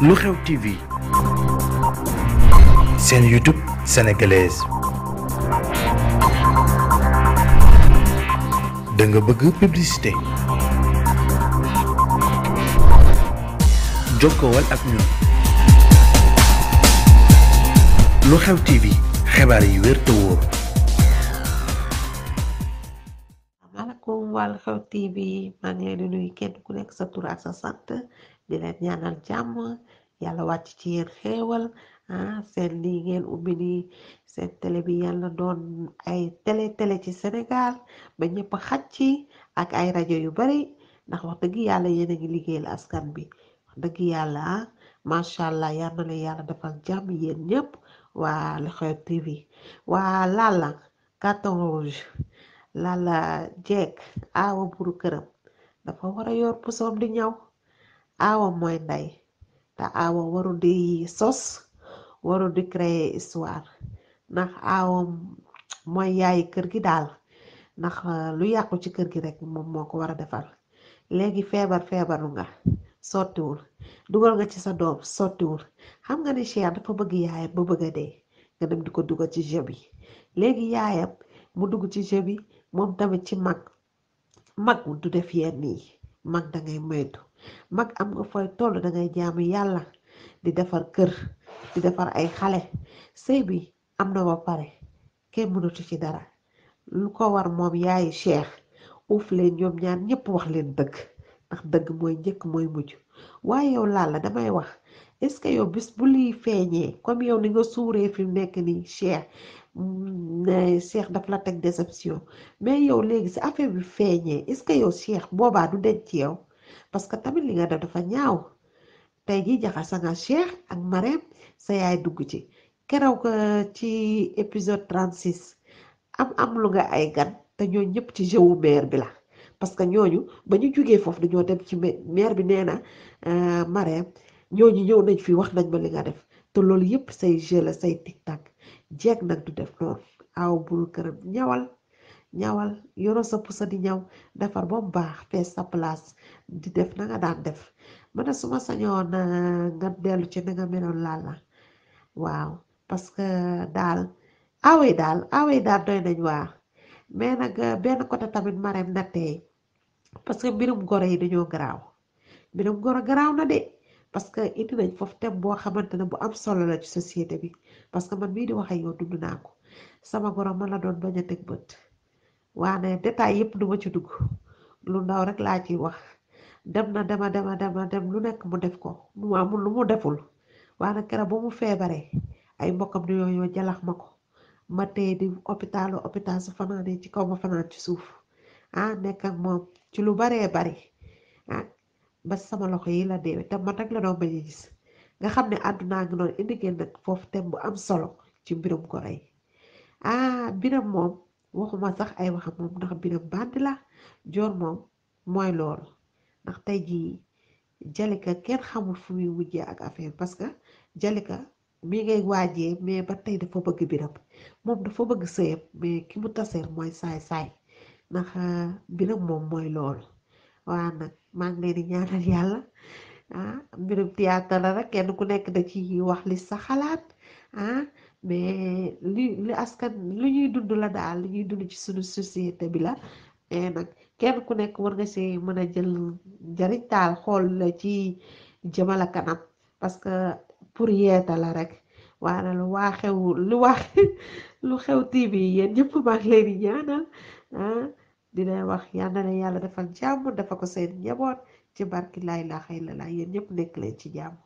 lu xew TV seen YouTube sénégalaise da nga bëgg publicité jokkowal ak ñun lu xew TV xibaar wér te wóor. asalaamaaleykum waa lu xew TV maa ngi leen kenn ku nekk sa tur ak sa sant. di leen ñaanal jàmm yàlla wàcc ci yéen xéewal seen lii ngeen ubbi nii seen télé bi yàlla doon ay télé télé ci Sénégal ba ñëpp xaj ci ak ay rajo yu bari ndax wax dëgg yàlla yéen a ngi liggéeyal askan bi wax dëgg yàlla ah macha allah yal na leen yàlla defal jàmm yéen ñëpp waa Lu Xew TV waa Lalla carton rouge Lalla jeeg awa buru këram dafa war yor pusoom di ñaw. aawa mooy ndey te aawa warul di sos waru di créer histoire ndax aawa mooy yaay kër gi daal ndax uh, lu yàqu ci kër gi rek moom moo ko war a defar léegi feebar feebaru nga sottiwul dugal nga ci sa doom sottiwul xam nga ni cher dafa bëgg yaayam ba bëgg a dee nga dem di ko dugal ci jeu bi léegi yaayam mu dugg ci jeu bi moom tamit ci mag mag du def yenn yi mag dangay moytu mag am nga fooy toll dangay jaamu yàlla di defar kër di defar ay xale sëy bi am na ba pare kenn mënatu ci dara lu ko war moom yaayi cheikh uuf leen ñoom ñaar ñëpp wax leen dëgg ndax dëgg mooy njëkk mooy mujj waaye yow laal la damay wax est ce que yow bis bu liy feeñee comme yow ni nga suuree fi nekk nii Cheikh mm, ne daf la teg déception mais yow léegi si affaire bi feeñee est ce que yow Cheikh boobaa du denc ci yow parce que tamit li nga def dafa ñaaw tey jii jaxasa nga Cheikh ak Marème sa yaay dugg ci keroog euh, ci épisode 36 am am lu nga ay gan te ñoo ñëpp ci jeu wu bi la. parce que ñooñu ba ñu jógee foofu dañoo def ci maire bi nee na euh, Marème ñooñu ñëw nañ fi wax nañ ma li def te loolu yëpp say jeu la say tiktak jeeg nag du def noonu aw bul këram ñawal ñawal yoro sa pusa di ñaw defar ba mu baax fees sa place di def na nga daan def ma ne su ma sañoon euh, nga dellu ci na nga meloon laal la waaw parce que daal awey daal awey daal doy nañ waa mais nag euh, benn côté tamit Marème na tey parce que mbirum goro yi dañoo garaaw mbirum goro garaaw na de parce que indi nañ foofu thème boo xamante ne bu am solo la ci société bi parce que man mii di wax yoo yow dund naa ko sama goro man la doon bañ a teg bët waane détail yëpp du ma ci dugg lu ndaw rek laa ci wax dem na dema dema dema dem lu nekk mu def ko mu amul lu mu deful waa waane keroog ba mu feebaree ay mbokkam di yooyoo jalax ma ko ma tey di hôpitalu hôpital su fanaanee ci kaw ma fanaan ci suuf ah nekk moom ci lu baree bari ah, ba sama loxo yi la deewee te man rek la doon bañ nga xam ne àddunaa ngi noonu indi ngeen nag foofu thème bu am solo ci mbiram ko rey ah biram moom sax ay waxam ndax biram bandi la joor mooy loolu ndax tey jii Jalika kenn xamul fu muy wujjee ak affaire parce que Jalika mi ngay waajee mais ba tey dafa bëgg biram moom dafa bëgg sëyam mais ki mu taseer mooy saay saay ndax mbiram moom mooy loolu waa nag maa ngi ñaanal yàlla ah mbirum la rek kenn ku nekk da ci wax li sa xalaat ah mais li li askan lu ñuy dund la daal li ñuy dund ci suñu société bi la et nag kenn ku nekk war nga see mën a jël njariñ taal xool la ci jëmal a kanam parce que pour yeeta la rek waa na lu waa xew lu wax lu xew TV yéen ñëpp maa ngi leen di ñaanal ah wax yal na leen yàlla defal jàmm dafa ko seen njaboot ci barki laay laa xëy la laa yéen ñëpp nekk leen ci jàmm